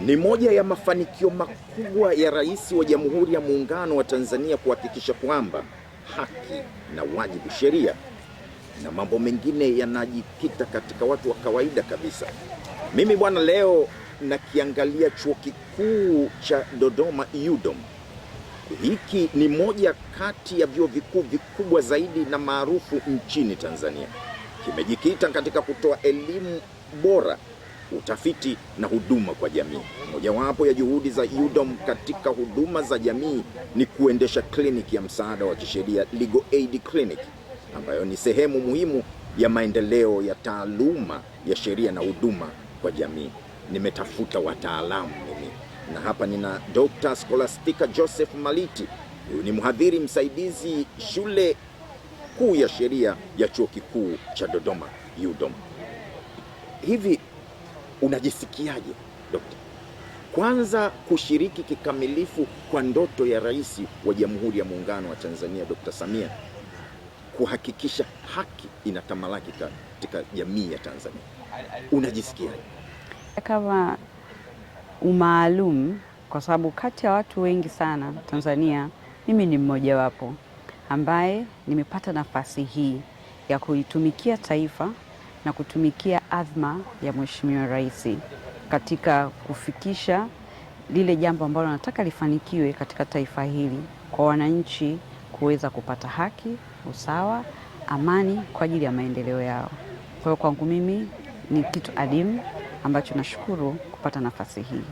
Ni moja ya mafanikio makubwa ya Rais wa Jamhuri ya Muungano wa Tanzania kuhakikisha kwamba haki na wajibu, sheria na mambo mengine yanajikita katika watu wa kawaida kabisa. Mimi bwana, leo nakiangalia chuo kikuu cha Dodoma UDOM. Hiki ni moja kati ya vyuo vikuu vikubwa zaidi na maarufu nchini Tanzania. Kimejikita katika kutoa elimu bora utafiti na huduma kwa jamii. Mojawapo ya juhudi za UDOM katika huduma za jamii ni kuendesha kliniki ya msaada wa kisheria Legal Aid Clinic, ambayo ni sehemu muhimu ya maendeleo ya taaluma ya sheria na huduma kwa jamii. Nimetafuta wataalamu mimi na hapa nina Dr. Scholastica Joseph Maliti. Huyu ni mhadhiri msaidizi shule kuu ya sheria ya chuo kikuu cha Dodoma UDOM. Hivi Unajisikiaje dokta, kwanza kushiriki kikamilifu kwa ndoto ya Rais wa Jamhuri ya Muungano wa Tanzania Dokta Samia kuhakikisha haki inatamalaki katika jamii ya Tanzania, unajisikiaje? Kama umaalum, kwa sababu kati ya watu wengi sana Tanzania, mimi ni mmojawapo ambaye nimepata nafasi hii ya kuitumikia taifa na kutumikia adhma ya Mheshimiwa Rais katika kufikisha lile jambo ambalo nataka lifanikiwe katika taifa hili kwa wananchi kuweza kupata haki, usawa, amani kwa ajili ya maendeleo yao. Kwa hiyo kwangu mimi ni kitu adimu ambacho nashukuru kupata nafasi hii.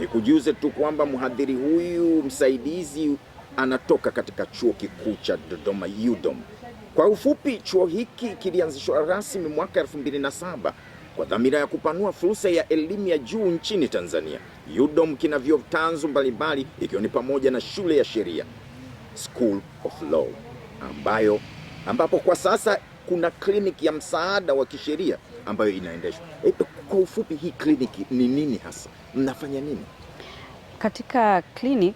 Nikujuze tu kwamba mhadhiri huyu msaidizi anatoka katika Chuo Kikuu cha Dodoma UDOM. Kwa ufupi, chuo hiki kilianzishwa rasmi mwaka 2007 kwa dhamira ya kupanua fursa ya elimu ya juu nchini Tanzania. UDOM kina vyuo tanzu mbalimbali ikiwa ni pamoja na shule ya sheria School of Law ambayo ambapo kwa sasa kuna kliniki ya msaada wa kisheria ambayo inaendeshwa. Kwa ufupi, hii kliniki ni nini hasa, mnafanya nini katika clinic?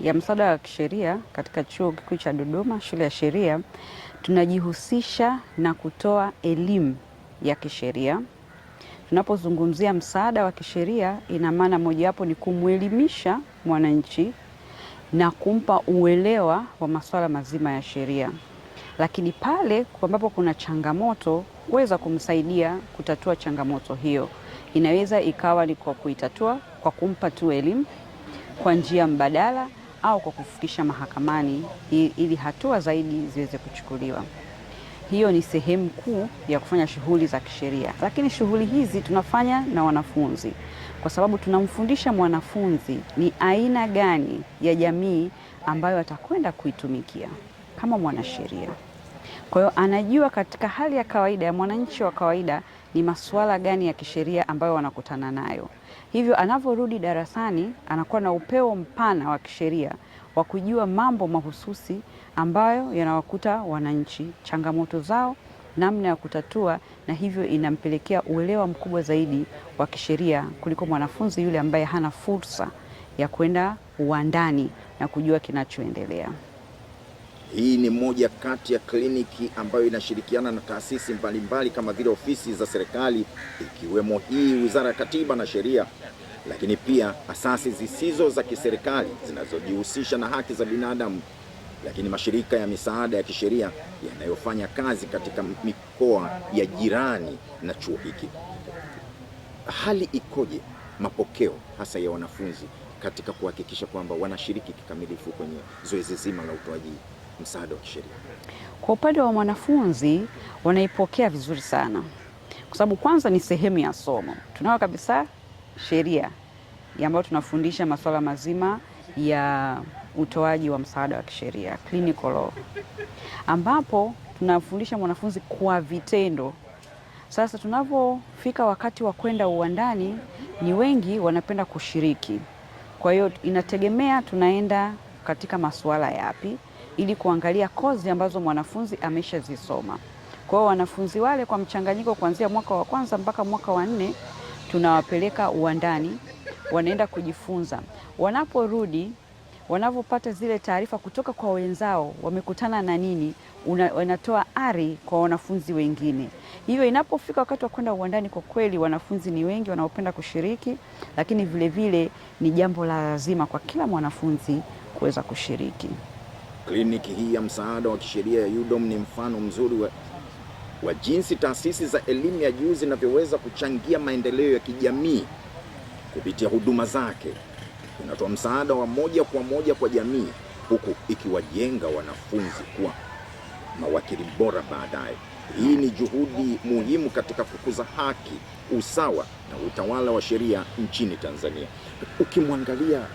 ya msaada wa kisheria katika Chuo Kikuu cha Dodoma, shule ya sheria, tunajihusisha na kutoa elimu ya kisheria. Tunapozungumzia msaada wa kisheria, ina maana mojawapo ni kumwelimisha mwananchi na kumpa uelewa wa masuala mazima ya sheria, lakini pale ambapo kuna changamoto, kuweza kumsaidia kutatua changamoto hiyo. Inaweza ikawa ni kwa kuitatua kwa kumpa tu elimu kwa njia mbadala au kwa kufikisha mahakamani ili hatua zaidi ziweze kuchukuliwa. Hiyo ni sehemu kuu ya kufanya shughuli za kisheria, lakini shughuli hizi tunafanya na wanafunzi kwa sababu tunamfundisha mwanafunzi ni aina gani ya jamii ambayo atakwenda kuitumikia kama mwanasheria. Kwa hiyo anajua katika hali ya kawaida ya mwananchi wa kawaida ni masuala gani ya kisheria ambayo wanakutana nayo. Hivyo anavyorudi darasani anakuwa na upeo mpana wa kisheria wa kujua mambo mahususi ambayo yanawakuta wananchi, changamoto zao, namna ya kutatua, na hivyo inampelekea uelewa mkubwa zaidi wa kisheria kuliko mwanafunzi yule ambaye hana fursa ya kwenda uwandani na kujua kinachoendelea. Hii ni moja kati ya kliniki ambayo inashirikiana na taasisi mbalimbali kama vile ofisi za serikali ikiwemo hii Wizara ya Katiba na Sheria, lakini pia asasi zisizo za kiserikali zinazojihusisha na haki za binadamu, lakini mashirika ya misaada ya kisheria yanayofanya kazi katika mikoa ya jirani na chuo hiki. Hali ikoje? Mapokeo hasa ya wanafunzi katika kuhakikisha kwamba wanashiriki kikamilifu kwenye zoezi zima la utoaji msaada wa kisheria? Kwa upande wa mwanafunzi wanaipokea vizuri sana, kwa sababu kwanza ni sehemu ya somo. Tunao kabisa sheria ambayo tunafundisha masuala mazima ya utoaji wa msaada wa kisheria clinical law, ambapo tunafundisha mwanafunzi kwa vitendo. Sasa tunapofika wakati wa kwenda uwandani, ni wengi wanapenda kushiriki. Kwa hiyo inategemea tunaenda katika masuala yapi ili kuangalia kozi ambazo mwanafunzi ameshazisoma. Kwa hiyo wanafunzi wale kwa mchanganyiko kuanzia mwaka wa kwanza mpaka mwaka wa nne tunawapeleka uwandani, wanaenda kujifunza. Wanaporudi, wanavyopata zile taarifa kutoka kwa wenzao, wamekutana na nini, wanatoa ari kwa wanafunzi wengine. Hivyo inapofika wakati wa kwenda uwandani, kwa kweli wanafunzi ni wengi wanaopenda kushiriki, lakini vilevile vile, ni jambo la lazima kwa kila mwanafunzi kuweza kushiriki. Kliniki hii ya msaada wa kisheria ya UDOM ni mfano mzuri wa, wa jinsi taasisi za elimu ya juu zinavyoweza kuchangia maendeleo ya kijamii kupitia huduma zake. Inatoa msaada wa moja kwa moja kwa jamii huku ikiwajenga wanafunzi kuwa mawakili bora baadaye. Hii ni juhudi muhimu katika kukuza haki, usawa na utawala wa sheria nchini Tanzania. Ukimwangalia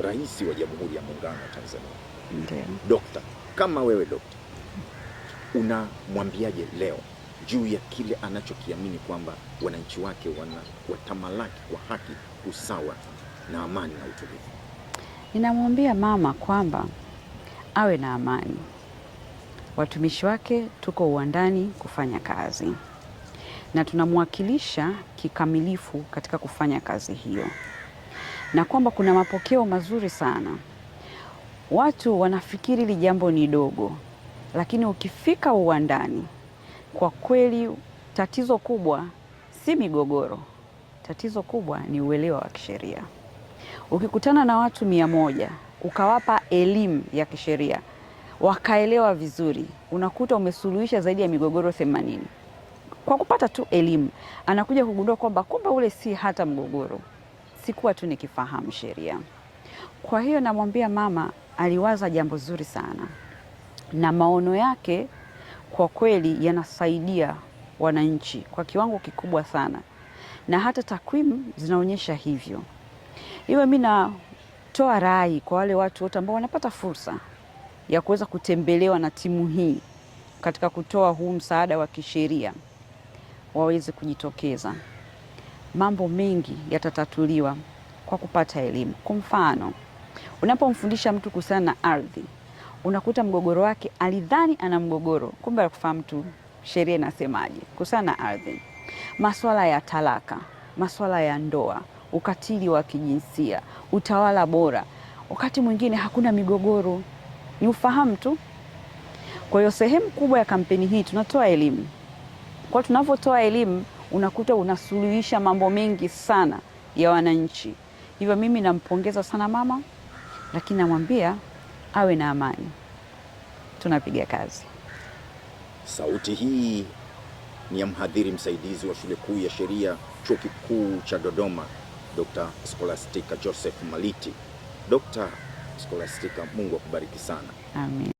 Rais wa Jamhuri ya Muungano wa Tanzania Dokta, kama wewe dokta, unamwambiaje leo juu ya kile anachokiamini kwamba wananchi wake wana watamalaki kwa haki, usawa na amani na utulivu? Ninamwambia mama kwamba awe na amani. Watumishi wake tuko uwandani kufanya kazi na tunamwakilisha kikamilifu katika kufanya kazi hiyo, na kwamba kuna mapokeo mazuri sana Watu wanafikiri hili jambo ni dogo, lakini ukifika uwandani, kwa kweli tatizo kubwa si migogoro, tatizo kubwa ni uelewa wa kisheria. Ukikutana na watu mia moja ukawapa elimu ya kisheria wakaelewa vizuri, unakuta umesuluhisha zaidi ya migogoro themanini kwa kupata tu elimu. Anakuja kugundua kwamba kumbe ule si hata mgogoro, sikuwa tu nikifahamu sheria. Kwa hiyo namwambia mama aliwaza jambo zuri sana, na maono yake kwa kweli yanasaidia wananchi kwa kiwango kikubwa sana, na hata takwimu zinaonyesha hivyo. Iwe mimi natoa rai kwa wale watu wote ambao wanapata fursa ya kuweza kutembelewa na timu hii katika kutoa huu msaada wa kisheria waweze kujitokeza. Mambo mengi yatatatuliwa kwa kupata elimu. Kwa mfano Unapomfundisha mtu kuhusiana na ardhi, unakuta mgogoro wake, alidhani ana mgogoro, kumbe akufahamu tu sheria inasemaje kuhusiana na ardhi, maswala ya talaka, maswala ya ndoa, ukatili wa kijinsia, utawala bora. Wakati mwingine hakuna migogoro, ni ufahamu tu. Kwa hiyo sehemu kubwa ya kampeni hii tunatoa elimu. Kwa tunavyotoa elimu, unakuta unasuluhisha mambo mengi sana ya wananchi. Hivyo mimi nampongeza sana mama lakini namwambia awe na amani, tunapiga kazi. Sauti hii ni ya mhadhiri msaidizi wa shule kuu ya sheria chuo kikuu cha Dodoma, Dr. Scholastica Joseph Maliti. Dr. Scholastica, Mungu akubariki sana. Amen.